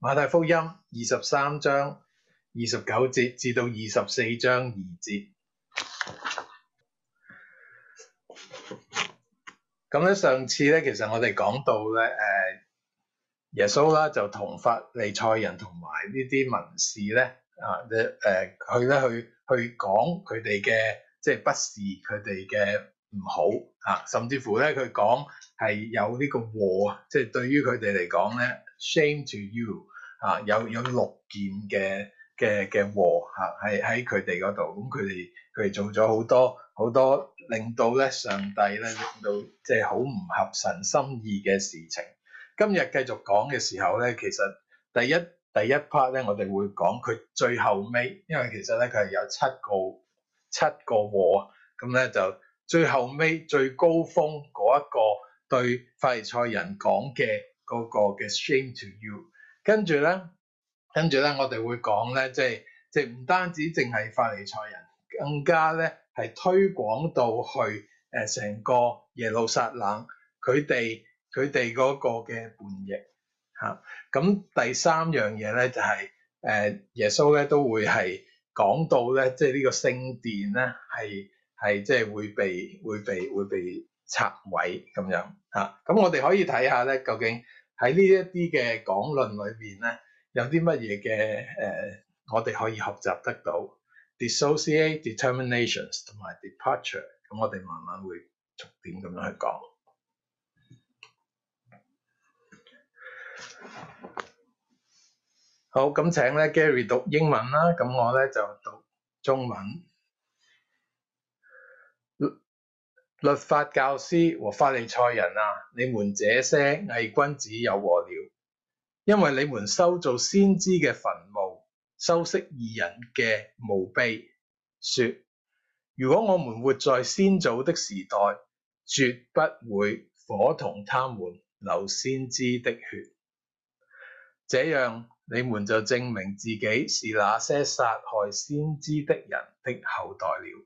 馬太福音二十三章二十九節至到二十四章二節，咁咧上次咧，其實我哋講到咧，誒耶穌啦，就同法利賽人同埋呢啲文士咧啊，誒去咧去去講佢哋嘅，即係不是佢哋嘅唔好啊，甚至乎咧佢講係有呢個禍啊，即係對於佢哋嚟講咧。Shame to you，啊有有六件嘅嘅嘅和嚇，係喺佢哋嗰度，咁佢哋佢哋做咗好多好多令到咧上帝咧令到即係好唔合神心意嘅事情。今日繼續講嘅時候咧，其實第一第一 part 咧，我哋會講佢最後尾，因為其實咧佢係有七個七個和，咁咧就最後尾最高峰嗰一個對法利賽人講嘅。嗰個嘅 stream to you，跟住咧，跟住咧，我哋會講咧，即係即係唔單止淨係法利賽人，更加咧係推廣到去誒成個耶路撒冷佢哋佢哋嗰個嘅叛逆嚇。咁第三樣嘢咧就係誒耶穌咧都會係講到咧，即係呢個聖殿咧係係即係會被會被會被拆毀咁樣嚇。咁我哋可以睇下咧究竟。喺呢一啲嘅講論裏邊咧，有啲乜嘢嘅誒，我哋可以學習得到，Dissociate Determinations 同埋 Departure。咁我哋慢慢會逐點咁樣去講。好，咁請咧 Gary 讀英文啦，咁我咧就讀中文。律法教師和法利賽人啊，你們這些偽君子有禍了！因為你們修造先知嘅墳墓，修飾義人嘅墓碑，說：如果我們活在先祖的時代，絕不會夥同他們流先知的血。這樣你們就證明自己是那些殺害先知的人的後代了。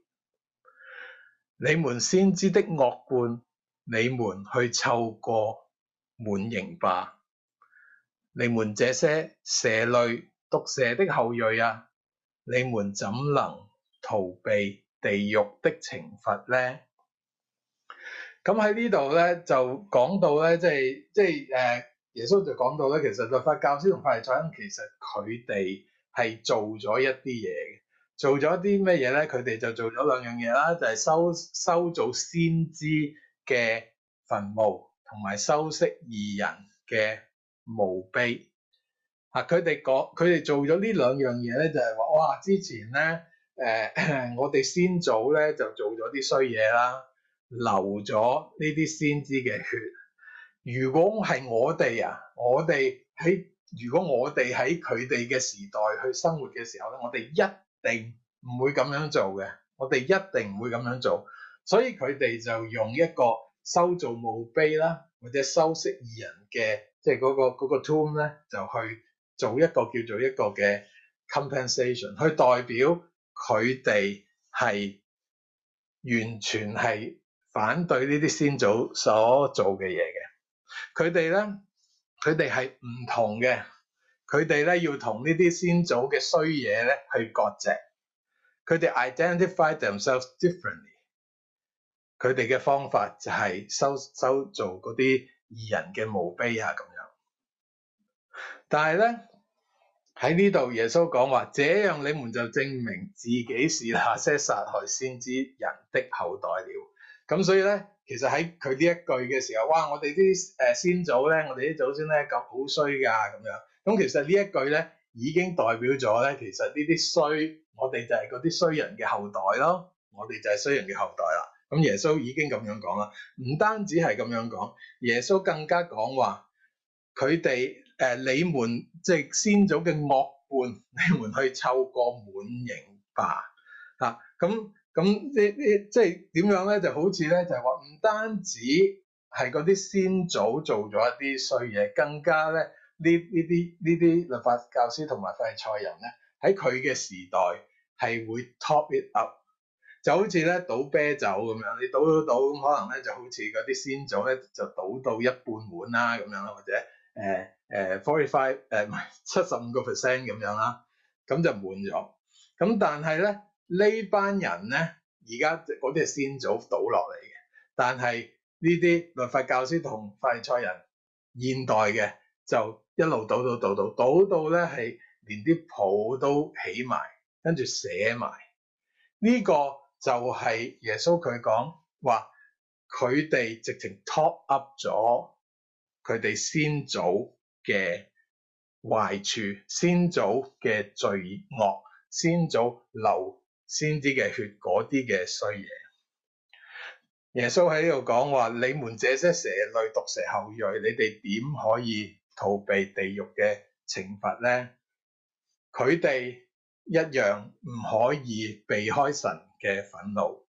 你們先知的惡貫，你們去湊個滿盈吧！你們這些蛇類、毒蛇的後裔啊，你們怎能逃避地獄的懲罰呢？咁喺呢度咧，就講到咧，即係即係誒，就是、耶穌就講到咧，其實就法教師同法利賽人，其實佢哋係做咗一啲嘢嘅。做咗啲咩嘢咧？佢哋就做咗兩樣嘢啦，就係修，修造先知嘅墳墓，同埋修飾義人嘅墓碑。嚇！佢哋講，佢哋做咗呢兩樣嘢咧，就係話：哇！之前咧，誒我哋先祖咧就做咗啲衰嘢啦，流咗呢啲先知嘅血。如果係我哋啊，我哋喺如果我哋喺佢哋嘅時代去生活嘅時候咧，我哋一定唔會咁樣做嘅，我哋一定唔會咁樣做。所以佢哋就用一個修造墓碑啦，或者修飾二人嘅，即係嗰、嗰個嗰個 tomb 咧，就去做一個叫做一個嘅 compensation，去代表佢哋係完全係反對呢啲先祖所做嘅嘢嘅。佢哋咧，佢哋係唔同嘅。佢哋咧，要同呢啲先祖嘅衰嘢咧去割席，佢哋 identify themselves differently。佢哋嘅方法就係修修造嗰啲義人嘅墓碑啊咁樣。但係咧，喺呢度耶穌講話，這樣你們就證明自己是那些殺害先知人的後代了。咁所以咧。其實喺佢呢一句嘅時候，哇！我哋啲誒先祖咧，我哋啲祖先咧咁好衰噶咁樣。咁其實呢一句咧已經代表咗咧，其實呢啲衰，我哋就係嗰啲衰人嘅後代咯。我哋就係衰人嘅後代啦。咁、嗯、耶穌已經咁樣講啦，唔單止係咁樣講，耶穌更加講話佢哋誒你們即係、就是、先祖嘅惡貫，你們去湊個滿盈吧啊咁。嗯咁呢呢即係點樣咧？就好似咧，就係話唔單止係嗰啲先祖做咗一啲衰嘢，更加咧呢呢啲呢啲律法教師同埋法利賽人咧，喺佢嘅時代係會 top it up，就好似咧倒啤酒咁樣，你倒倒倒咁，可能咧就好似嗰啲先祖咧就倒到一半碗啦咁樣啦，或者誒誒 forty five 誒唔係七十五個 percent 咁樣啦，咁就滿咗。咁但係咧。呢班人咧，而家嗰啲係先祖倒落嚟嘅，但係呢啲律法教師同法利賽人現代嘅就一路倒倒倒倒，倒到咧係連啲簿都起埋，跟住寫埋。呢個就係耶穌佢講話，佢哋直情 top up 咗佢哋先祖嘅壞處、先祖嘅罪惡、先祖留先知嘅血，嗰啲嘅衰嘢。耶穌喺呢度講話：你們這些蛇類毒蛇後裔，你哋點可以逃避地獄嘅懲罰咧？佢哋一樣唔可以避開神嘅憤怒。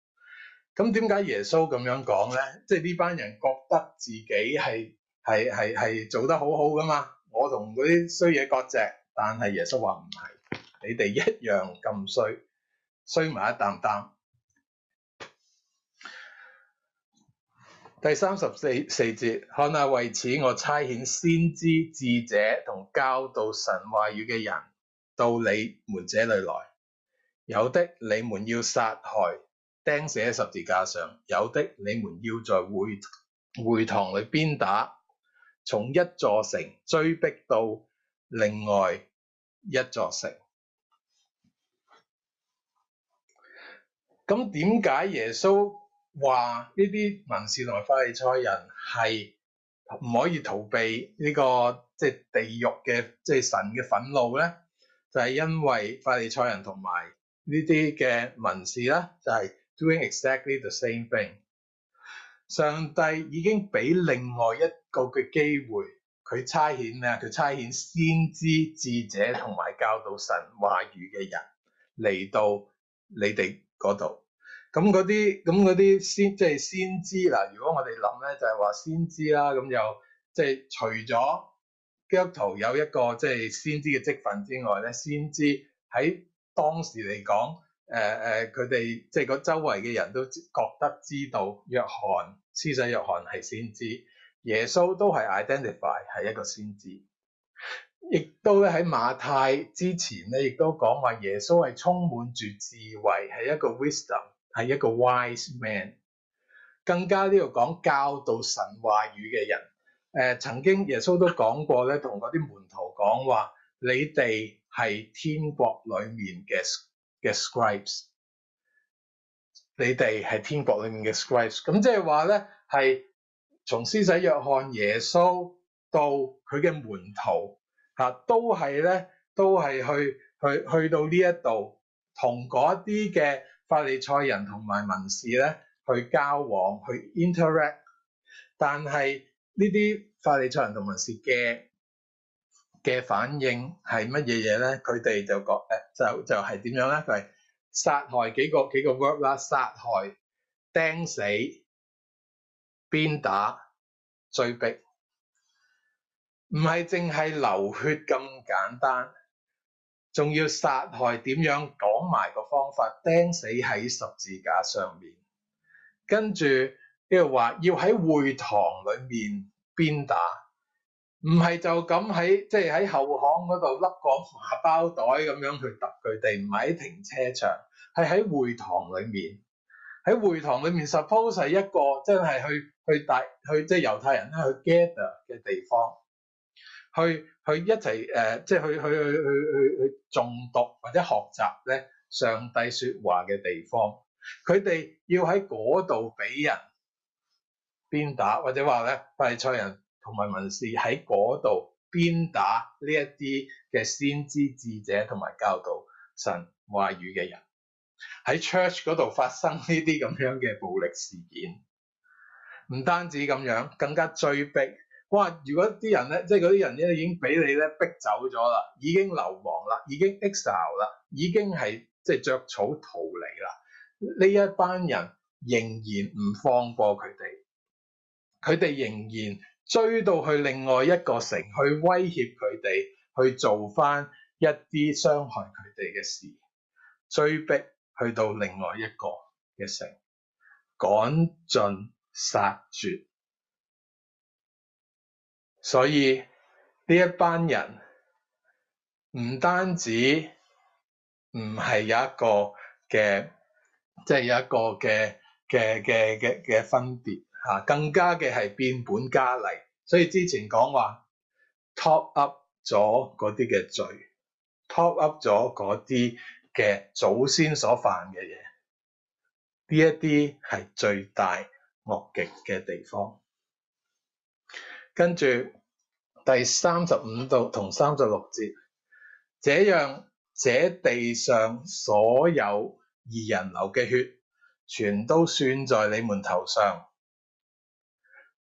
咁點解耶穌咁樣講咧？即係呢班人覺得自己係係係係做得好好㗎嘛？我同嗰啲衰嘢割蓆，但係耶穌話唔係，你哋一樣咁衰。衰埋一擔擔。第三十四四節，看下，為此我差遣先知、智者同教導神話語嘅人到你們這裏來。有的你們要殺害，釘死喺十字架上；有的你們要在會會堂裏鞭打，從一座城追逼到另外一座城。咁點解耶穌話呢啲文士同埋法利賽人係唔可以逃避呢個即係地獄嘅，即係神嘅憤怒咧？就係、是、因為法利賽人同埋呢啲嘅文士啦，就係 doing exactly the same thing。上帝已經俾另外一個嘅機會，佢差遣啊，佢差遣先知、智者同埋教導神話語嘅人嚟到你哋嗰度。咁嗰啲咁嗰啲先即係先知嗱。如果我哋諗咧，就係、是、話先知啦。咁又即係除咗基督徒有一個即係先知嘅職分之外咧，先知喺當時嚟講，誒、呃、誒，佢、呃、哋即係個周圍嘅人都覺得知道約翰施洗約翰係先知，耶穌都係 identify 係一個先知，亦都咧喺馬太之前咧，亦都講話耶穌係充滿住智慧，係一個 wisdom。係一個 wise man，更加呢度講教導神話語嘅人。誒、呃，曾經耶穌都講過咧，同嗰啲門徒講話：你哋係天國裡面嘅嘅 scribes，你哋係天國裡面嘅 scribes。咁即係話咧，係從施洗約翰耶穌到佢嘅門徒嚇、啊，都係咧，都係去去去到呢一度，同嗰啲嘅。法利賽人同埋文士咧，去交往，去 interact，但係呢啲法利賽人同文士嘅嘅反應係乜嘢嘢咧？佢哋就講誒，就就係、是、點樣咧？佢係殺害幾個幾個 worker 啦，殺害釘死、鞭打、追逼，唔係淨係流血咁簡單。仲要殺害點樣講埋個方法釘死喺十字架上面，跟住跟住話要喺會堂裏面鞭打，唔係就咁喺即係喺後巷嗰度笠個麻包袋咁樣去揼佢哋，唔係喺停車場，係喺會堂裏面。喺會堂裏面，suppose 係一個真係去去大去即係猶太人咧去 gather 嘅地方。去去一齊誒，呃、ừ, 即係去去去去去誦讀或者學習咧上帝説話嘅地方。佢哋要喺嗰度俾人鞭打，或者話咧，拜賽人同埋文士喺嗰度鞭打呢一啲嘅先知智者同埋教導神話語嘅人，喺 church 嗰度發生呢啲咁樣嘅暴力事件。唔單止咁樣，更加追逼。哇！如果啲人咧，即係嗰啲人咧，已經俾你咧逼走咗啦，已經流亡啦，已經 exile 啦，已經係即係着草逃離啦。呢一班人仍然唔放過佢哋，佢哋仍然追到去另外一個城去威脅佢哋，去做翻一啲傷害佢哋嘅事，追逼去到另外一個嘅城，趕盡殺絕。所以呢一班人唔單止唔係有一個嘅，即係有一個嘅嘅嘅嘅嘅分別嚇，更加嘅係變本加厲。所以之前講話 top up 咗嗰啲嘅罪，top up 咗嗰啲嘅祖先所犯嘅嘢，呢一啲係最大惡極嘅地方。跟住第三十五度同三十六節，這樣，這地上所有義人流嘅血，全都算在你們頭上。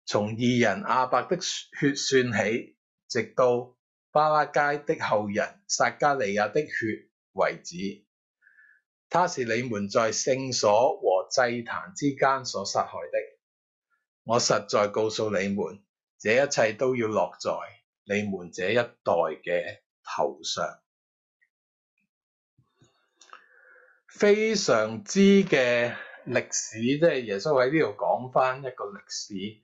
從義人亞伯的血算起，直到巴拉街的後人撒加利亞的血為止。他是你們在聖所和祭壇之間所殺害的。我實在告訴你們。這一切都要落在你們這一代嘅頭上，非常之嘅歷史，即、就、係、是、耶穌喺呢度講翻一個歷史。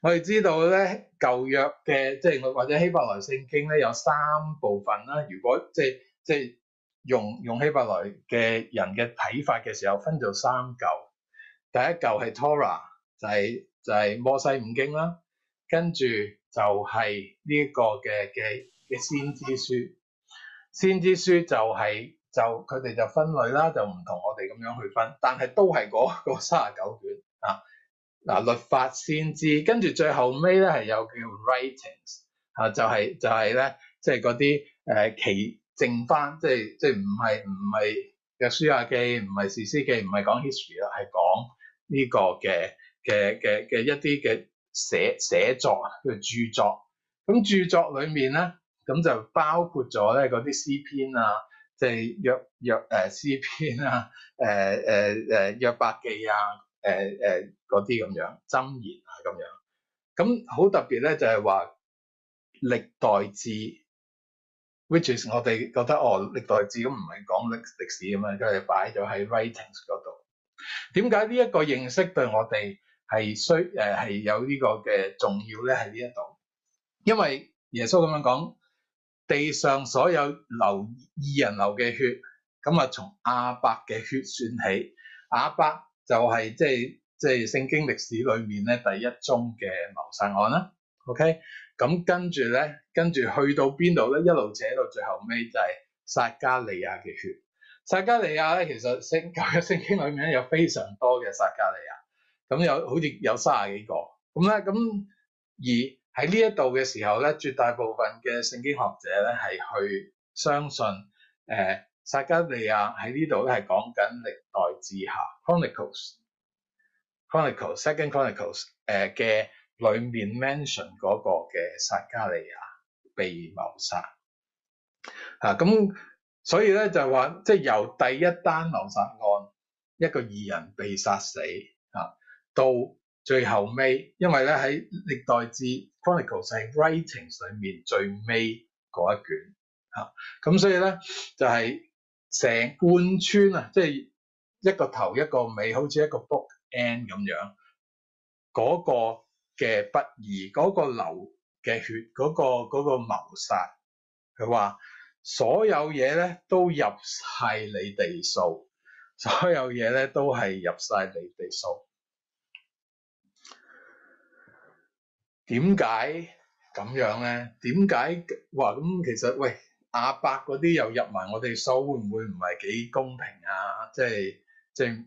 我哋知道咧，舊約嘅即係或者希伯來聖經咧有三部分啦。如果即係即係用用希伯來嘅人嘅睇法嘅時候，分咗三舊，第一舊係 Tora，、ah, 就係、是、就係、是、摩西五經啦。跟住就係呢個嘅嘅嘅先知書，先知書就係、是、就佢哋就分類啦，就唔同我哋咁樣去分，但係都係嗰、那個三十九卷啊。嗱、啊，律法先知，跟住最後尾咧係有叫 writings 啊，就係、是、就係、是、咧，即係嗰啲誒奇剩翻，即係即係唔係唔係嘅書下記，唔係史書記，唔係講 history 啦，係講呢個嘅嘅嘅嘅一啲嘅。寫寫作叫做著作，咁著作裏面咧，咁就包括咗咧嗰啲詩篇啊，即係約約誒詩篇啊，誒誒誒約伯記啊，誒誒嗰啲咁樣箴言啊咁樣。咁好、啊、特別咧，就係話歷代志，which is 我哋覺得哦，歷代志咁唔係講歷歷史咁樣，佢係擺咗喺 writings 嗰度。點解呢一個認識對我哋？係需誒係有呢個嘅重要咧，喺呢一度，因為耶穌咁樣講，地上所有流義人流嘅血，咁啊從亞伯嘅血算起，亞伯就係即係即係聖經歷史裏面咧第一宗嘅謀殺案啦。OK，咁跟住咧，跟住去到邊度咧？一路扯到最後尾就係撒加利亞嘅血，撒加利亞咧其實聖舊約聖經裏面咧有非常多嘅撒加利亞。咁有、嗯、好似有三十幾個咁咧，咁、嗯、而喺呢一度嘅時候咧，絕大部分嘅聖經學者咧係去相信誒撒、呃、加利亞喺呢度咧係講緊歷代志下 Chronicles, Chronicles, Second Chronicles，誒、呃、嘅裏面 mention 嗰個嘅撒加利亞被謀殺嚇，咁、啊嗯、所以咧就係話即係由第一單謀殺案一個義人被殺死嚇。啊到最後尾，因為咧喺歷代志 Chronicles 係 Writings 上面最尾嗰一卷嚇，咁所以咧就係成貫穿啊，即係一個頭一個尾，好似一個 book end 咁樣嗰個嘅不義，嗰個流嘅血，嗰個嗰個謀殺，佢話所有嘢咧都入晒你哋數，所有嘢咧都係入晒你哋數。點解咁樣咧？點解話咁其實喂阿伯嗰啲又入埋我哋數，會唔會唔係幾公平啊？即係即係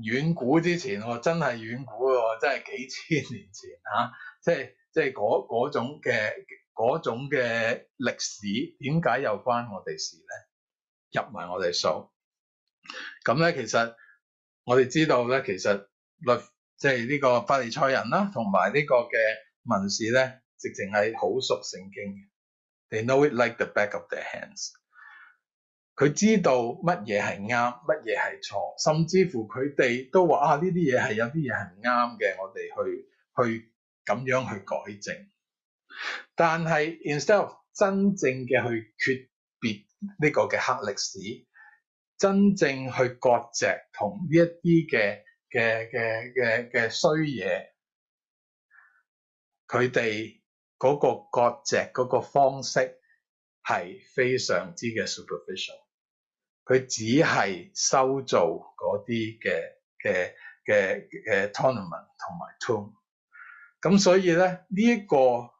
遠古之前喎，真係遠古喎，真係幾千年前嚇，即係即係嗰種嘅嗰種嘅歷史，點解又關我哋事咧？入埋我哋數，咁咧其實我哋知道咧，其實律即係呢個法利賽人啦，同埋呢個嘅。文士咧，直情係好熟聖經嘅，they know it like the back of their hands。佢知道乜嘢係啱，乜嘢係錯，甚至乎佢哋都話啊，呢啲嘢係有啲嘢係唔啱嘅，我哋去去咁樣去改正。但係 instead of 真正嘅去決別呢個嘅黑歷史，真正去割席同呢一啲嘅嘅嘅嘅嘅衰嘢。佢哋嗰個割蓆嗰個方式係非常之嘅 superficial，佢只係修造嗰啲嘅嘅嘅嘅 tournament 同埋 tomb。咁所以咧呢一個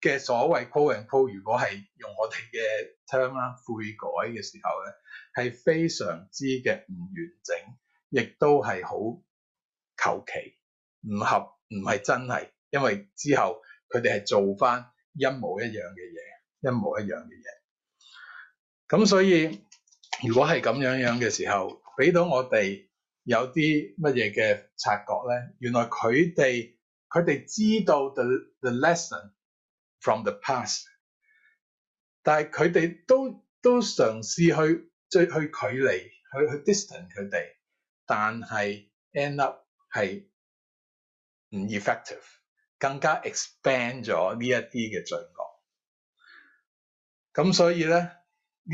嘅所謂 pull and pull，如果係用我哋嘅 term 啦，悔改嘅時候咧係非常之嘅唔完整，亦都係好求其，唔合，唔係真係。因為之後佢哋係做翻一模一樣嘅嘢，一模一樣嘅嘢。咁所以如果係咁樣樣嘅時候，俾到我哋有啲乜嘢嘅察覺咧？原來佢哋佢哋知道 the the lesson from the past，但係佢哋都都嘗試去最去，去距離去去 distance 佢哋，但係 end up 係唔 effective。更加 expand 咗呢一啲嘅罪惡，咁所以咧呢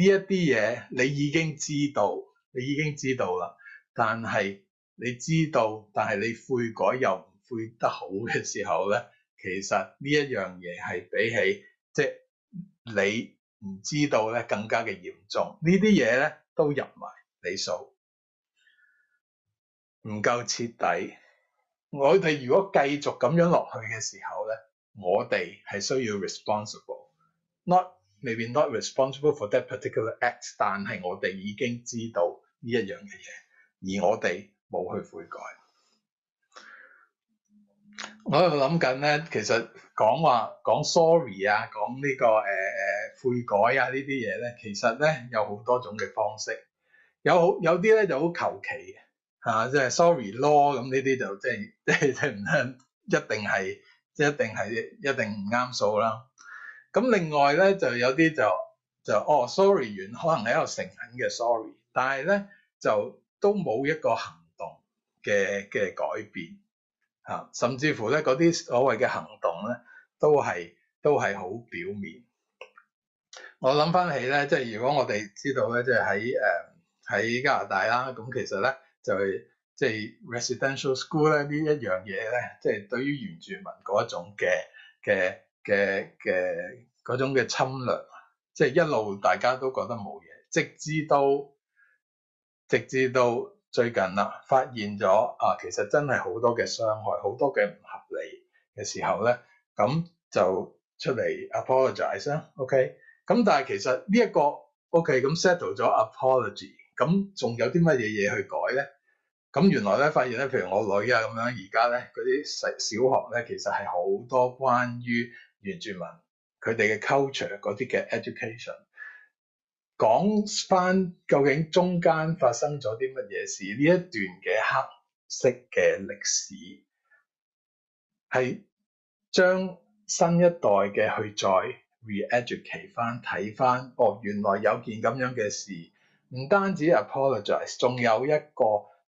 一啲嘢你已經知道，你已經知道啦。但係你知道，但係你悔改又唔悔得好嘅時候咧，其實呢一樣嘢係比起即係你唔知道咧更加嘅嚴重。呢啲嘢咧都入埋你數，唔夠徹底。我哋如果繼續咁樣落去嘅時候咧，我哋係需要 responsible，not maybe not responsible for that particular act，但係我哋已經知道呢一樣嘅嘢，而我哋冇去悔改。Mm-hmm. 我喺度諗緊咧，其實講話講 sorry 啊，講呢、這個誒誒、呃、悔改啊呢啲嘢咧，其實咧有好多種嘅方式，有好有啲咧就好求其嘅。吓，即係 sorry law 咁呢啲就即係即係即唔一定係，即係一定係一定唔啱數啦。咁另外咧就有啲就就哦 sorry 完可能喺度誠懇嘅 sorry，但係咧就都冇一個行動嘅嘅改變吓，甚至乎咧嗰啲所謂嘅行動咧都係都係好表面。我諗翻起咧，即係如果我哋知道咧，即係喺誒喺加拿大啦，咁其實咧。就係即係 residential school 咧呢一樣嘢咧，即係對於原住民嗰種嘅嘅嘅嘅嗰種嘅侵略，即係一路大家都覺得冇嘢，直至到直至到最近啦，發現咗啊，其實真係好多嘅傷害，好多嘅唔合理嘅時候咧，咁就出嚟 apologize 啦，OK？咁但係其實呢一個 OK 咁 settle 咗 apology，咁仲有啲乜嘢嘢去改咧？咁原來咧，發現咧，譬如我女啊咁樣，而家咧嗰啲小小學咧，其實係好多關於原住民佢哋嘅 culture 嗰啲嘅 education，講翻究竟中間發生咗啲乜嘢事？呢一段嘅黑色嘅歷史係將新一代嘅去再 reeducate 翻睇翻，哦，原來有件咁樣嘅事，唔單止 apologize，仲有一個。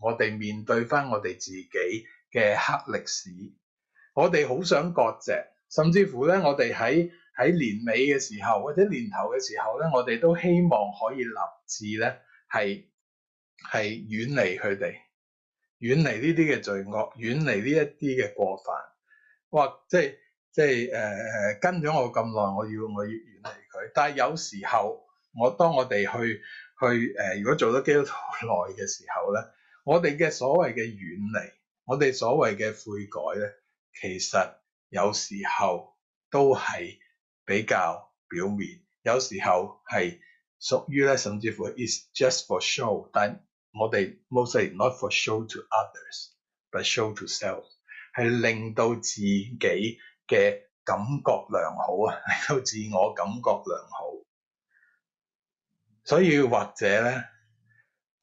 我哋面對翻我哋自己嘅黑歷史，我哋好想割席，甚至乎咧，我哋喺喺年尾嘅時候，或者年頭嘅時候咧，我哋都希望可以立志咧，係係遠離佢哋，遠離呢啲嘅罪惡，遠離呢一啲嘅過犯。我即係即係誒誒，跟咗我咁耐，我要我要遠離佢。但係有時候，我當我哋去去誒、呃，如果做得基督徒耐嘅時候咧。我哋嘅所謂嘅遠離，我哋所謂嘅悔改咧，其實有時候都係比較表面，有時候係屬於咧，甚至乎 it's just for show。但我哋 mostly not for show to others，but show to self，係令到自己嘅感覺良好啊，令到自我感覺良好。所以或者咧。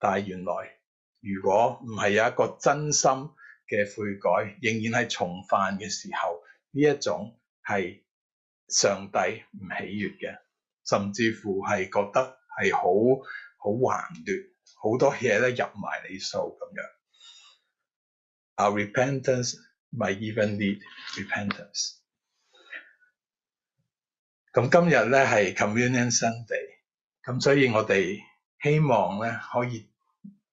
但係原來，如果唔係有一個真心嘅悔改，仍然係重犯嘅時候，呢一種係上帝唔喜悅嘅，甚至乎係覺得係好好橫奪，好多嘢咧入埋你數咁樣。Our repentance may even need repentance。咁今日咧係 communion Sunday，咁所以我哋希望咧可以。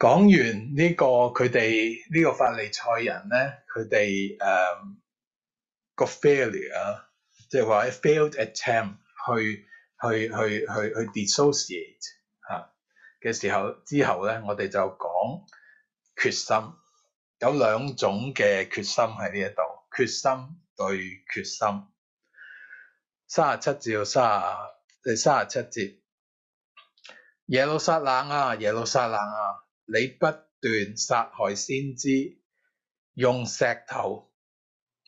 講完呢、這個佢哋呢個法利賽人咧，佢哋誒個 failure 啊，即係話 failed attempt 去去去去去 dissociate 吓、啊、嘅時候之後咧，我哋就講決心，有兩種嘅決心喺呢一度，決心對決心，三十七至到卅，30，第三十七節，耶路撒冷啊，耶路撒冷啊。你不斷殺害先知，用石頭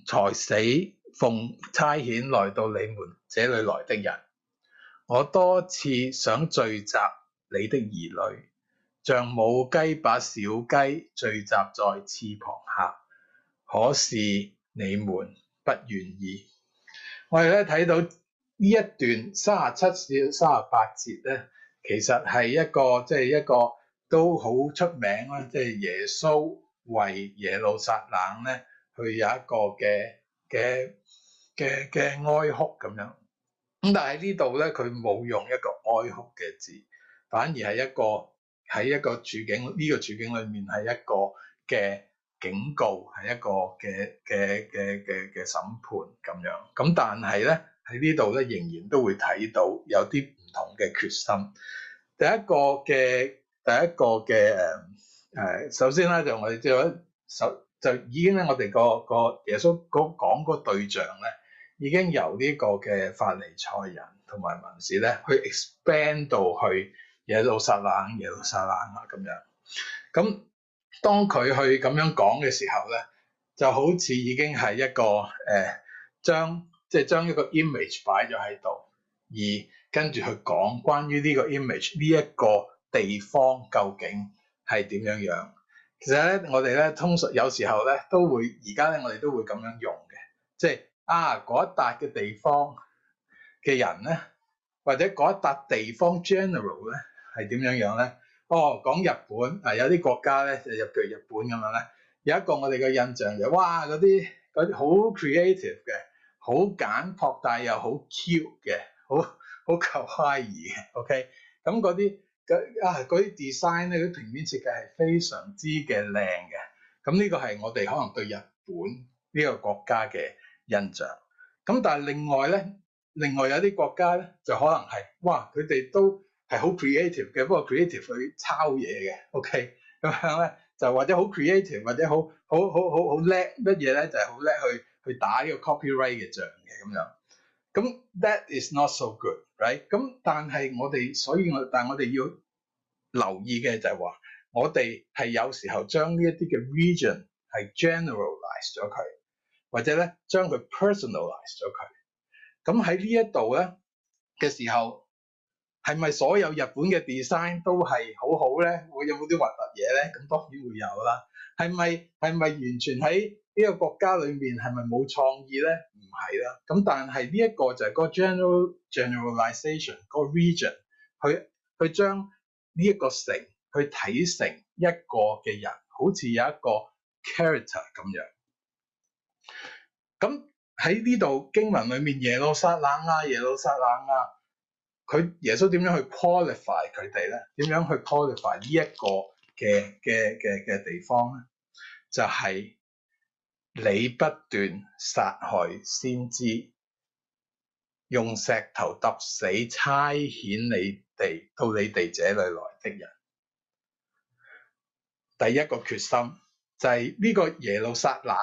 裁死奉差遣來到你們這裏來的人。我多次想聚集你的兒女，像母雞把小雞聚集在翅膀下，可是你們不願意。我哋咧睇到呢一段三十七至三十八節咧，其實係一個即係一個。就是一個都好出名啦，即係耶穌為耶路撒冷咧，佢有一個嘅嘅嘅嘅哀哭咁樣。咁但係喺呢度咧，佢冇用一個哀哭嘅字，反而係一個喺一個處境呢個處境裏面係一個嘅警告，係一個嘅嘅嘅嘅嘅審判咁樣。咁但係咧喺呢度咧，仍然都會睇到有啲唔同嘅決心。第一個嘅。第一個嘅誒誒，首先咧就我哋即係首就已經咧，我哋個個耶穌嗰講個對象咧，已經由呢個嘅法利賽人同埋文士咧，去 expand 到去耶路撒冷，耶路撒冷啊咁樣。咁當佢去咁樣講嘅時候咧，就好似已經係一個誒、呃、將即係、就是、將一個 image 擺咗喺度，而跟住去講關於呢個 image 呢、這、一個。地方究竟係點樣樣？其實咧，我哋咧通常有時候咧都會而家咧，我哋都會咁樣用嘅，即係啊嗰一笪嘅地方嘅人咧，或者嗰一笪地方 general 咧係點樣樣咧？哦，講日本啊，有啲國家咧就入譬如日本咁樣咧，有一個我哋嘅印象就是，哇嗰啲嗰啲好 creative 嘅，好簡樸但又好 cute 嘅，好好 kawaii 嘅，OK，咁嗰啲。啊！嗰啲 design 咧，啲平面設計係非常之嘅靚嘅。咁呢個係我哋可能對日本呢個國家嘅印象。咁但係另外咧，另外有啲國家咧就可能係哇，佢哋都係好 creative 嘅，不過 creative 去抄嘢嘅。OK 咁樣咧，就或者好 creative，或者好好好好好叻乜嘢咧，就係好叻去去打呢個 copyright 嘅仗嘅咁樣。咁 That is not so good，right？咁但係我哋，所以我但係我哋要，留意嘅就係話，我哋係有時候將呢一啲嘅 region 係 generalise 咗佢，或者咧將佢 personalise 咗佢。咁喺呢一度咧嘅時候，係咪所有日本嘅 design 都係好好咧？會有冇啲核突嘢咧？咁當然會有啦。係咪係咪完全喺呢個國家裏面係咪冇創意咧？唔係啦。咁但係呢一個就係個 general generalization 個 region，佢佢將。呢一個城，去睇成一個嘅人，好似有一個 character 咁樣。咁喺呢度經文裏面，耶路撒冷啊，耶路撒冷啊，佢耶穌點樣去 qualify 佢哋咧？點樣去 qualify 呢一個嘅嘅嘅嘅地方咧？就係、是、你不斷殺害先知，用石頭揼死差遣你。嚟到你哋這裏來的人，第一個決心就係呢個耶路撒冷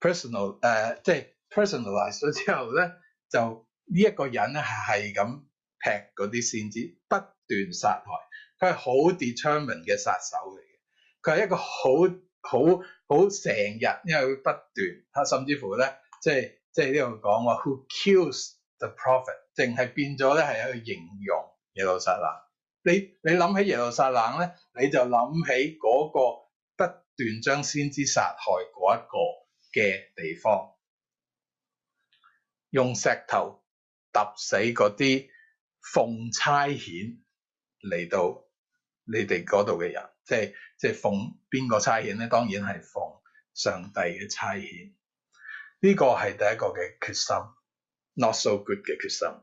personal 誒，即係 personalize 咗之後咧，就呢一個人咧係咁劈嗰啲先知，不斷殺害。佢係好 determined 嘅殺手嚟嘅，佢係一個好好好成日因為佢不斷，甚至乎咧即係即係呢度講話，who kills。The prophet 淨係變咗咧，係去形容耶路撒冷。你你諗起耶路撒冷咧，你就諗起嗰個不斷將先知殺害嗰一個嘅地方，用石頭揼死嗰啲奉差遣嚟到你哋嗰度嘅人。即係即係奉邊個差遣咧？當然係奉上帝嘅差遣。呢個係第一個嘅決心。Not so good 嘅決心，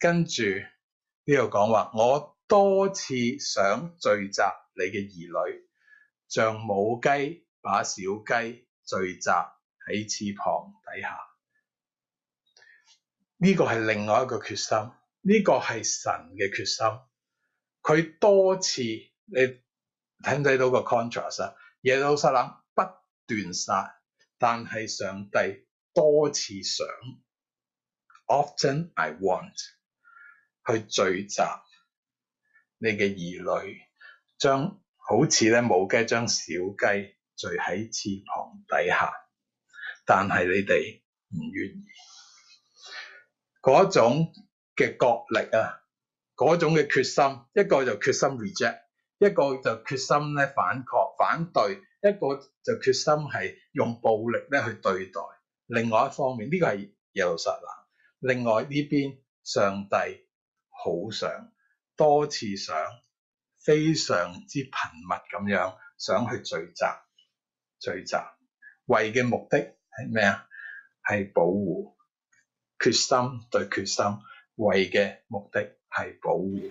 跟住呢度講話，我多次想聚集你嘅兒女，像母雞把小雞聚集喺翅膀底下。呢、這個係另外一個決心，呢、這個係神嘅決心。佢多次你睇唔睇到個 contrast 啊？耶路撒冷不斷殺，但係上帝多次想。Often I want 去聚集你嘅兒女，將好似咧母雞將小雞聚喺翅膀底下，但係你哋唔願意。嗰種嘅角力啊，嗰種嘅決心，一個就決心 reject，一個就決心咧反抗、反對，一個就決心係用暴力咧去對待。另外一方面，呢、這個係耶路撒冷。另外呢邊，上帝好想多次想，非常之頻密咁樣，想去聚集、聚集，為嘅目的係咩啊？係保護，決心對決心。為嘅目的係保護。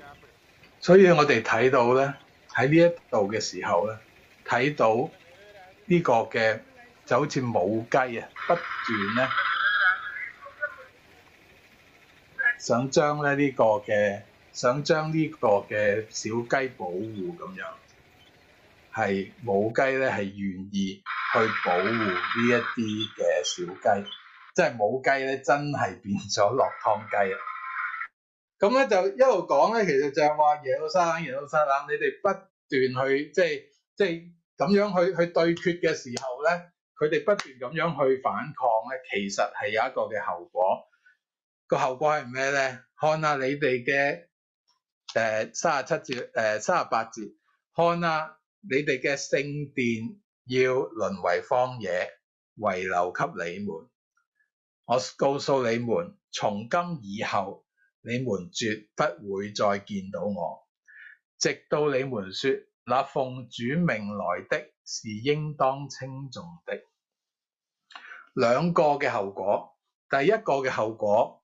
所以我哋睇到咧喺呢一度嘅時候咧，睇到呢個嘅就好似母雞啊，不斷咧。想將咧呢個嘅，想將呢個嘅小雞保護咁樣，係母雞咧係願意去保護呢一啲嘅小雞，即係母雞咧真係變咗落湯雞啊！咁咧就一路講咧，其實就係話：耶路撒冷，耶路撒冷，你哋不斷去，即係即係咁樣去去對決嘅時候咧，佢哋不斷咁樣去反抗咧，其實係有一個嘅後果。個後果係咩咧？看下你哋嘅誒三十七節誒三十八節，看下你哋嘅聖殿要淪為荒野，遺留給你們。我告訴你們，從今以後，你們絕不會再見到我，直到你們說：那奉主命來的是應當稱頌的。兩個嘅後果，第一個嘅後果。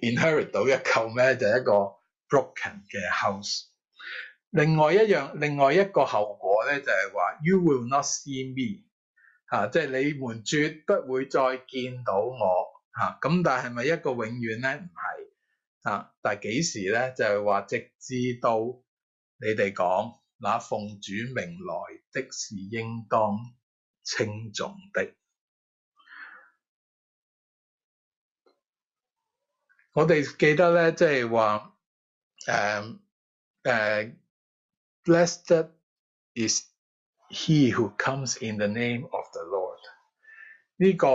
Inherit 到一嚿咩？就係一個 broken 嘅 house。另外一樣，另外一個後果咧，就係話 you will not see me，嚇，即係你們絕不會再見到我，嚇。咁但係咪一個永遠咧？唔係，嚇。但係幾時咧？就係話，直至到你哋講，那奉主名來的是應當稱重的。我哋記得咧，即係話誒誒、uh, uh,，Blessed is he who comes in the name of the Lord。呢、這個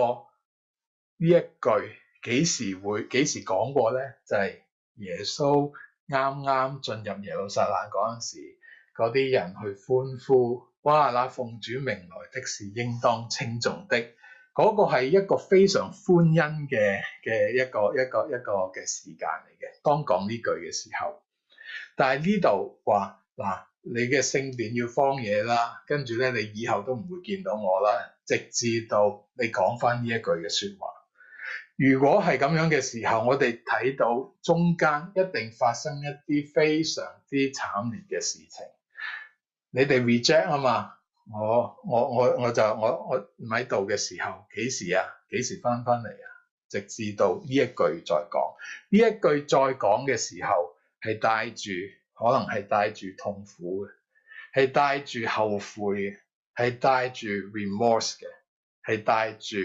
呢一句幾時會幾時講過咧？就係、是、耶穌啱啱進入耶路撒冷嗰陣時，嗰啲人去歡呼，哇！嗱，奉主名來的，是應當稱頌的。嗰個係一個非常歡欣嘅嘅一個一個一個嘅時間嚟嘅，當講呢句嘅時候。但係呢度話嗱，你嘅聖殿要荒野啦，跟住咧你以後都唔會見到我啦，直至到你講返呢一句嘅説話。如果係咁樣嘅時候，我哋睇到中間一定發生一啲非常之慘烈嘅事情。你哋 reject 啊嘛？我我我我就我我唔喺度嘅時候，幾時啊？幾時翻翻嚟啊？直至到呢一句再講呢一句再講嘅時候，係帶住可能係帶住痛苦嘅，係帶住後悔嘅，係帶住 remorse 嘅，係帶住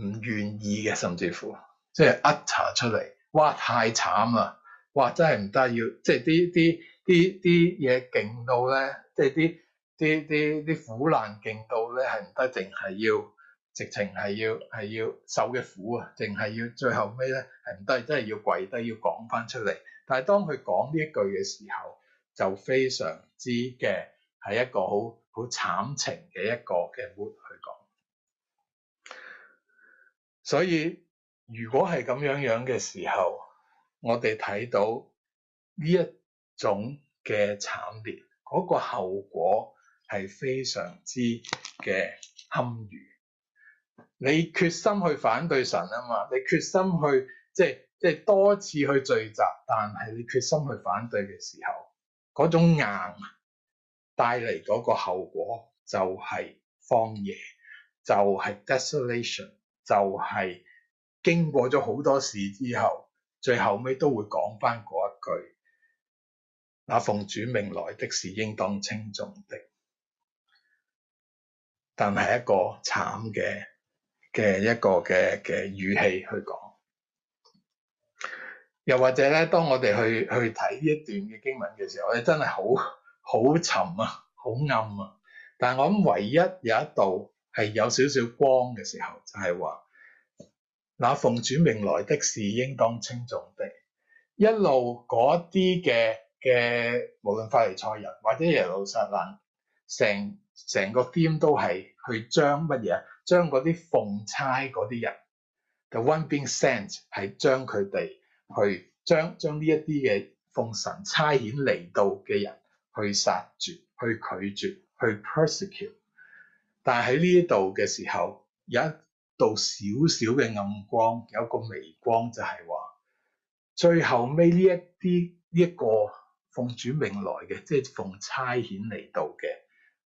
唔願意嘅，甚至乎即係 utter 出嚟，哇！太慘啦，哇！真係唔得要，即係啲啲啲啲嘢勁到咧，即係啲。啲啲啲苦難勁到咧係唔得，定係要直情係要係要受嘅苦啊，定係要最後尾咧係唔得，真係要跪低要講翻出嚟。但係當佢講呢一句嘅時候，就非常之嘅係一個好好慘情嘅一個嘅 mood 去講。所以如果係咁樣樣嘅時候，我哋睇到呢一種嘅慘烈，嗰個後果。係非常之嘅堪虞。你決心去反對神啊嘛？你決心去即係即係多次去聚集，但係你決心去反對嘅時候，嗰種硬帶嚟嗰個後果就係荒野，就係、是、desolation，就係經過咗好多事之後，最後尾都會講返嗰一句：那、啊、奉主命來的是應當稱頌的。但係一個慘嘅嘅一個嘅嘅語氣去講，又或者咧，當我哋去去睇呢一段嘅經文嘅時候，我哋真係好好沉啊，好暗啊。但係我諗唯一有一度係有少少光嘅時候，就係、是、話那奉主名來的是，應當稱頌的。一路嗰啲嘅嘅，無論法利賽人或者耶路撒冷成。成個 team 都係去將乜嘢？將嗰啲奉差嗰啲人，the one being sent 係將佢哋去將將呢一啲嘅奉神差遣嚟到嘅人去殺絕、去拒絕、去 persecute。但係喺呢度嘅時候，有一道少少嘅暗光，有一個微光就，就係話最後尾呢一啲呢一個奉主命來嘅，即係奉差遣嚟到嘅。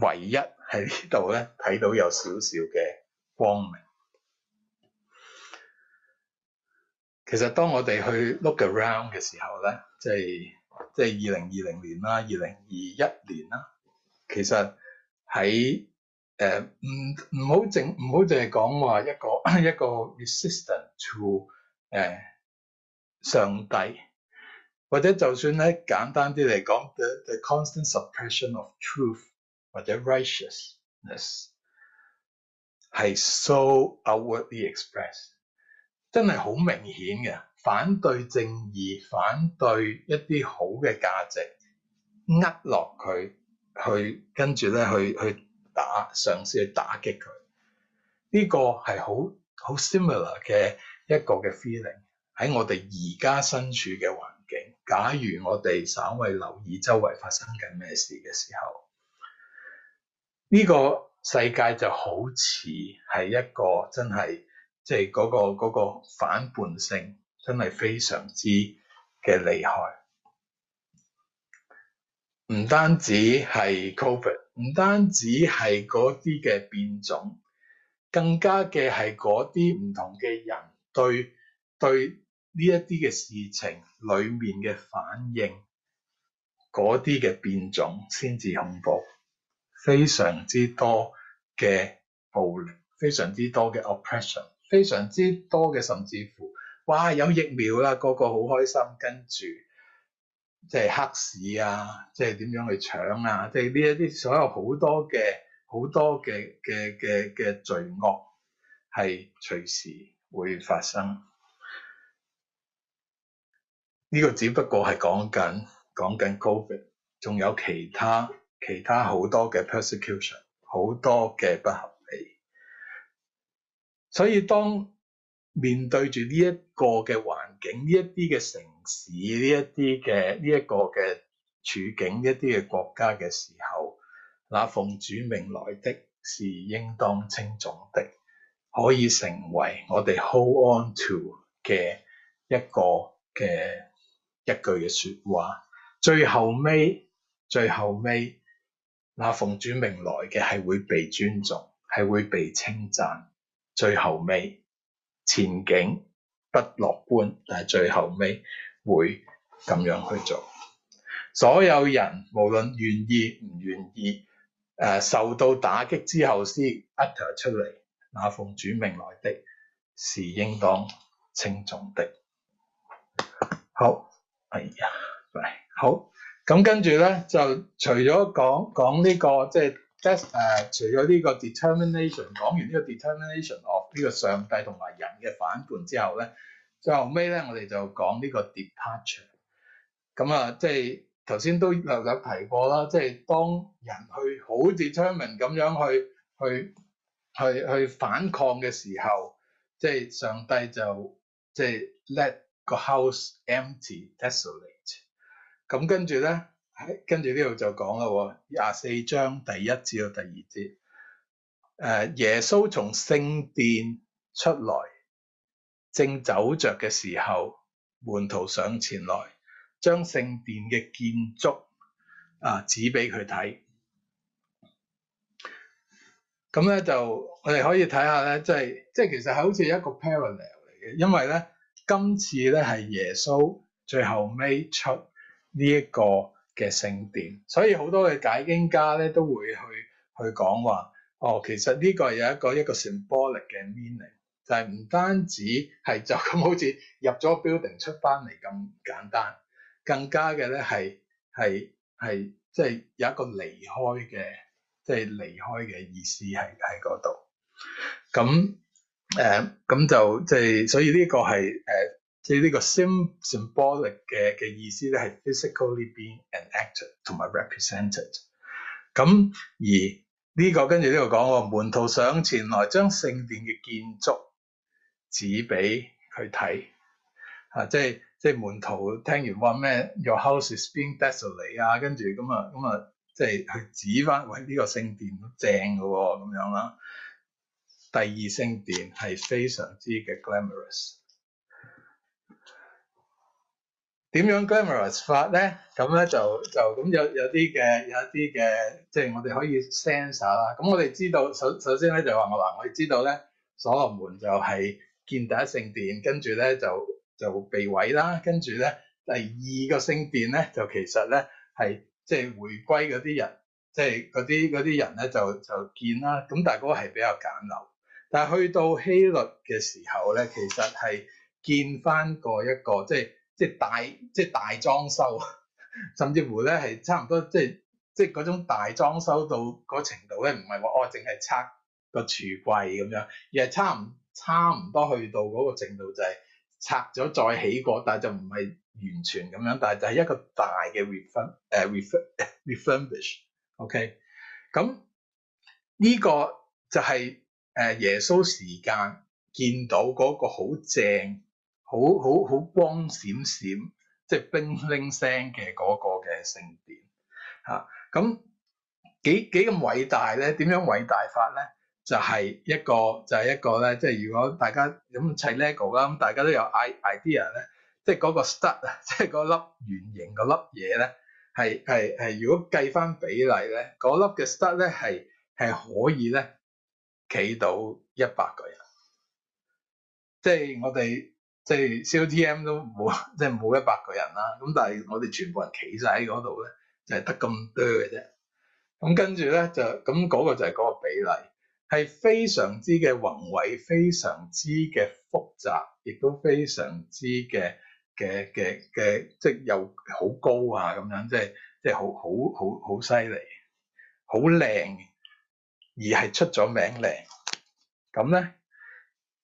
唯一喺呢度咧睇到有少少嘅光明。其實當我哋去 look around 嘅時候咧，即係即係二零二零年啦，二零二一年啦，其實喺誒唔唔好淨唔好淨係講話一個一個 resistant to 誒、呃、上帝，或者就算咧簡單啲嚟講，the the constant suppression of truth。佢 right、so、的 righteousness 係 so outwardly expressed 真係好明顯嘅反對正義，反對一啲好嘅價值，呃落佢去，去跟住咧去去打，嘗試去打擊佢。呢、這個係好好 similar 嘅一個嘅 feeling 喺我哋而家身處嘅環境。假如我哋稍微留意周圍發生緊咩事嘅時候，呢個世界就好似係一個真係，即係嗰個嗰個反叛性真係非常之嘅厲害。唔單止係 Covid，唔單止係嗰啲嘅變種，更加嘅係嗰啲唔同嘅人對對呢一啲嘅事情裏面嘅反應，嗰啲嘅變種先至恐怖。非常之多嘅暴力，非常之多嘅 oppression，非常之多嘅甚至乎，哇有疫苗啦，個個好開心，跟住即係黑市啊，即係點樣去搶啊，即係呢一啲所有好多嘅好多嘅嘅嘅嘅罪惡係隨時會發生。呢個只不過係講緊講緊 covid，仲有其他。其他好多嘅 persecution，好多嘅不合理，所以當面對住呢一個嘅環境、呢一啲嘅城市、呢一啲嘅呢一個嘅處境、一啲嘅國家嘅時候，那奉主命來的是應當稱頌的，可以成為我哋 hold on to 嘅一個嘅一句嘅說話。最後尾，最後尾。那奉主名來嘅係會被尊重，係會被稱讚。最後尾前景不樂觀，但係最後尾會咁樣去做。所有人無論願意唔願意，誒、呃、受到打擊之後先 utter 出嚟，那奉主名來的，是應當稱頌的。好，哎呀，嚟好。咁跟住咧，就除咗講講呢個即係 des 誒，就是 de uh, 除咗呢個 determination，講完呢個 determination，of 呢個上帝同埋人嘅反叛之後咧，最後尾咧，我哋就講呢個 departure。咁啊，即係頭先都有有提過啦，即係當人去好 determined 咁樣去去去去反抗嘅時候，即係上帝就即係 let 個 house empty desolate。咁跟住咧，喺跟住呢度就講啦喎，廿四章第一節到第二節，誒耶穌從聖殿出來，正走著嘅時候，門徒上前來將聖殿嘅建築啊指俾佢睇。咁咧就我哋可以睇下咧，即係即係其實係好似一個 parallel 嚟嘅，因為咧今次咧係耶穌最後尾出。呢一個嘅聖殿，所以好多嘅解經家咧都會去去講話，哦，其實呢個係有一個一個 symbolic 嘅 meaning，就係唔單止係就咁好似入咗 building 出翻嚟咁簡單，更加嘅咧係係係即係有一個離開嘅即係離開嘅意思係喺嗰度。咁誒咁就即係、就是、所以呢個係誒。嗯即係呢個 symbolic 嘅嘅意思咧，係 physically being enacted 同埋 represented。咁而呢、這個跟住呢個講喎，門徒上前來將聖殿嘅建築指俾佢睇啊！即係即係門徒聽完話咩？Your house is being desolate 啊！跟住咁啊咁啊，即係去指翻喂呢、這個聖殿正嘅喎咁樣啦。第二聖殿係非常之嘅 glamorous。點樣 glamorous 法咧？咁咧就就咁有有啲嘅有一啲嘅，即係、就是、我哋可以 sense 下啦。咁我哋知道首首先咧就話我話我哋知道咧，所羅門就係建第一聖殿，跟住咧就就被毀啦。跟住咧，第二個聖殿咧就其實咧係即係回歸嗰啲人，即係嗰啲嗰啲人咧就就建啦。咁但係嗰個係比較簡陋。但係去到希律嘅時候咧，其實係建翻過一個即係。就是即係大，即係大裝修，甚至乎咧係差唔多，即係即係嗰種大裝修到嗰程度咧，唔係話哦，淨係拆個櫥櫃咁樣，而係差唔差唔多去到嗰個程度就係拆咗再起過，但係就唔係完全咁樣，但係就係一個大嘅 re、uh, refin，誒 refurbish, okay? 咁呢個就係誒耶穌時間見到嗰個好正。好好好光閃閃，即係 bling bling 嘅嗰個嘅聖殿。嚇、啊。咁幾幾咁偉大咧？點樣偉大法咧？就係、是、一個就係、是、一個咧，即係如果大家咁砌 lego 啦，咁大家都有 idea 咧，即係嗰個 stud 啊，即係嗰粒圓形嗰粒嘢咧，係係係如果計翻比例咧，嗰粒嘅 stud 咧係係可以咧企到一百個人，即係我哋。即係 CTM 都冇，即係冇一百個人啦。咁但係我哋全部人企晒喺嗰度咧，就係得咁多嘅啫。咁跟住咧就，咁、那、嗰個就係嗰個比例，係非常之嘅宏偉，非常之嘅複雜，亦都非常之嘅嘅嘅嘅，即係又好高啊咁樣，即係即係好好好好犀利，好靚而係出咗名靚。咁咧？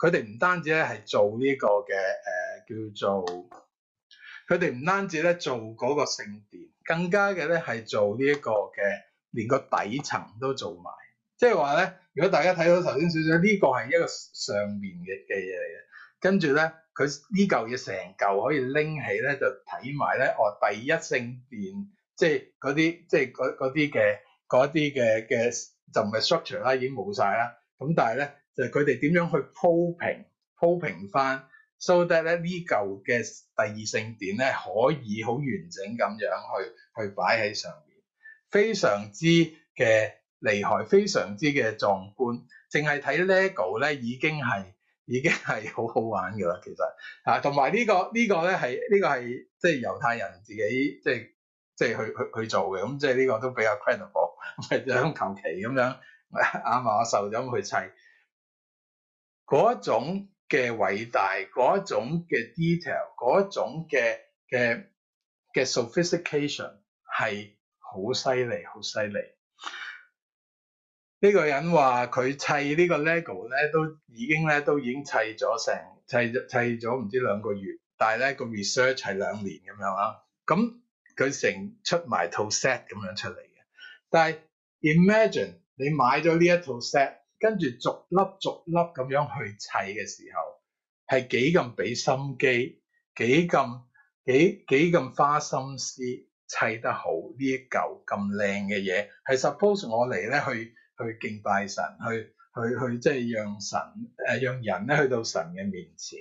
佢哋唔單止咧係做呢個嘅誒、呃、叫做，佢哋唔單止咧做嗰個聖殿，更加嘅咧係做呢一個嘅，連個底層都做埋。即係話咧，如果大家睇到頭先少少，呢、呢個係一個上面嘅嘅嘢嚟嘅，跟住咧佢呢嚿嘢成嚿可以拎起咧就睇埋咧，哦，第一聖殿，即係嗰啲即係嗰啲嘅嗰啲嘅嘅，就唔、是、係 structure 啦，已經冇晒啦。咁但係咧。佢哋點樣去鋪平，鋪平翻，so that 咧呢嚿嘅第二聖殿咧可以好完整咁樣去去擺喺上面，非常之嘅厲害，非常之嘅壯觀。淨係睇 lego 咧已經係已經係好好玩噶啦，其實嚇。同埋呢個呢個咧係呢個係即係猶太人自己即係即係去去去做嘅，咁即係呢個都比較 credible。咪想求其咁樣啱啊！我受咗去砌。嗰一種嘅偉大，嗰一種嘅 detail，嗰一種嘅嘅嘅 sophistication 係好犀利，好犀利。呢個人話佢砌呢個 LEGO 咧，都已經咧，都已經砌咗成砌砌咗唔知兩個月，但係咧個 research 係兩年咁樣啦。咁佢成出埋套 set 咁樣出嚟嘅。但係 imagine 你買咗呢一套 set。跟住逐粒逐粒咁樣去砌嘅時候，係幾咁俾心機，幾咁幾幾咁花心思，砌得好呢一嚿咁靚嘅嘢，係 suppose 我嚟咧去去敬拜神，去去去即係讓神誒、呃、讓人咧去到神嘅面前。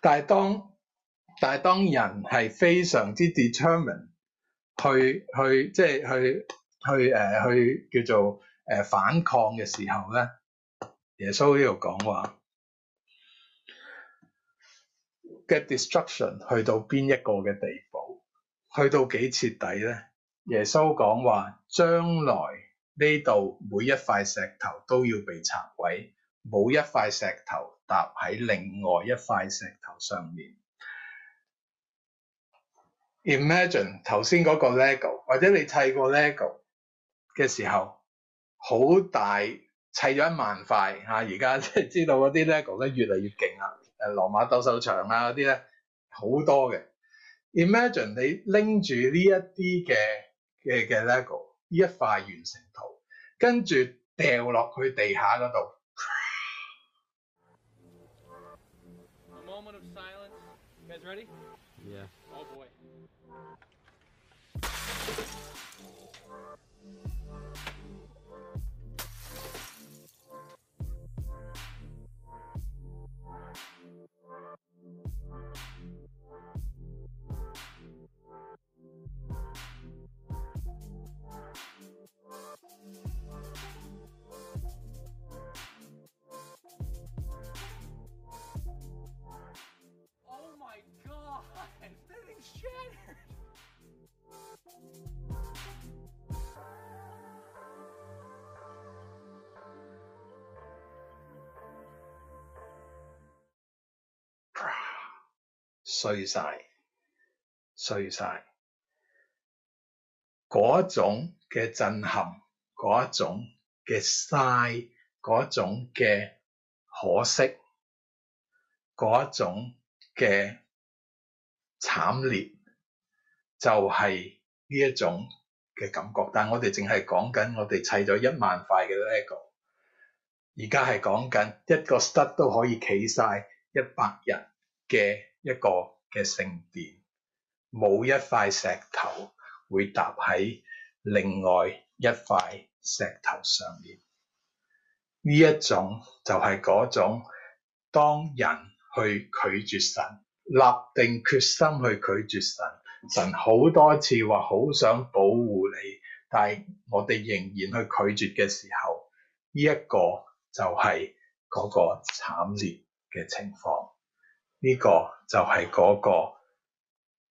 但係當但係當人係非常之 determined 去去即係去去誒、啊、去叫做。誒、呃、反抗嘅時候咧，耶穌呢度講話嘅 destruction 去到邊一個嘅地步，去到幾徹底咧？耶穌講話，將來呢度每一塊石頭都要被拆毀，冇一塊石頭搭喺另外一塊石頭上面。Imagine 頭先嗰個 lego，或者你砌過 lego 嘅時候。好大砌咗一萬塊嚇。而家即係知道嗰啲 Lego 越嚟越勁啦！誒，羅馬鬥獸場啦，嗰啲咧，好多嘅。Imagine 你拎住呢一啲嘅嘅嘅 Lego 呢一塊完成圖，跟住掉落去地下嗰度。碎晒，碎晒嗰一種嘅震撼，嗰一種嘅嘥，嗰一種嘅可惜，嗰一種嘅慘烈，就係呢一種嘅感覺。但係我哋淨係講緊我哋砌咗一萬塊嘅 Lego，而家係講緊一個 stud 都可以企晒一百日嘅。一個嘅聖殿，冇一塊石頭會搭喺另外一塊石頭上面。呢一種就係嗰種，當人去拒絕神，立定決心去拒絕神，神好多次話好想保護你，但係我哋仍然去拒絕嘅時候，呢一個就係嗰個慘烈嘅情況。呢個。就係嗰、那個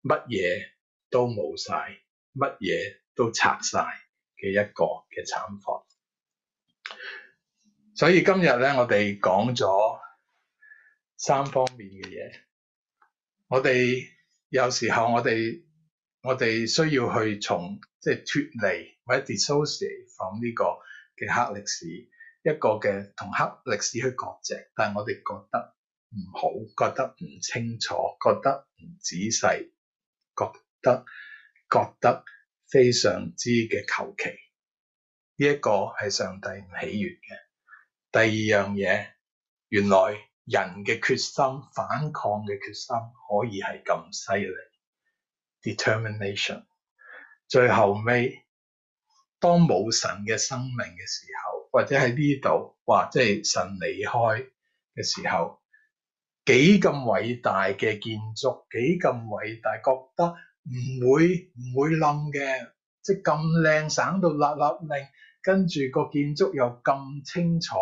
乜嘢都冇晒，乜嘢都拆晒嘅一個嘅慘況。所以今日咧，我哋講咗三方面嘅嘢。我哋有時候我，我哋我哋需要去從即係脱離或者 dissociate from 呢個嘅黑歷史，一個嘅同黑歷史去割席，但係我哋覺得。唔好，覺得唔清楚，覺得唔仔細，覺得覺得非常之嘅求其。呢一個係上帝唔喜悅嘅。第二樣嘢，原來人嘅決心、反抗嘅決心可以係咁犀利。Determination。最後尾，當冇神嘅生命嘅時候，或者喺呢度，或者係神離開嘅時候。幾咁偉大嘅建築，幾咁偉大，覺得唔會唔會冧嘅，即係咁靚省到立立令，跟住個建築又咁清楚、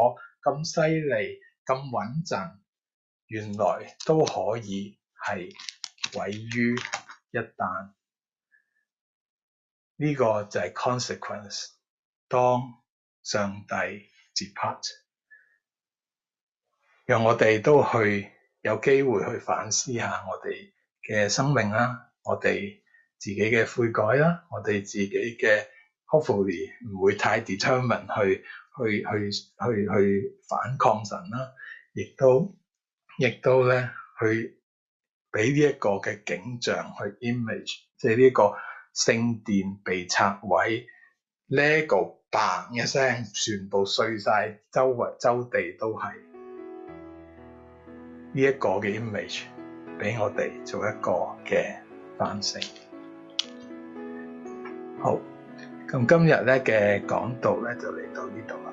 咁犀利、咁穩陣，原來都可以係毀於一旦。呢、這個就係 consequence。當上帝接拍，讓我哋都去。有機會去反思下我哋嘅生命啦、啊，我哋自己嘅悔改啦、啊，我哋自己嘅 hopefully 唔會太 determined 去去去去去反抗神啦、啊，亦都亦都咧去俾呢一個嘅景象去 image，即係呢個聖殿被拆毀，呢、這、一個 bang 一聲，全部碎晒，周圍周地都係。呢一個嘅 image 俾我哋做一個嘅反省。好，咁今日咧嘅講道咧就嚟到呢度啦。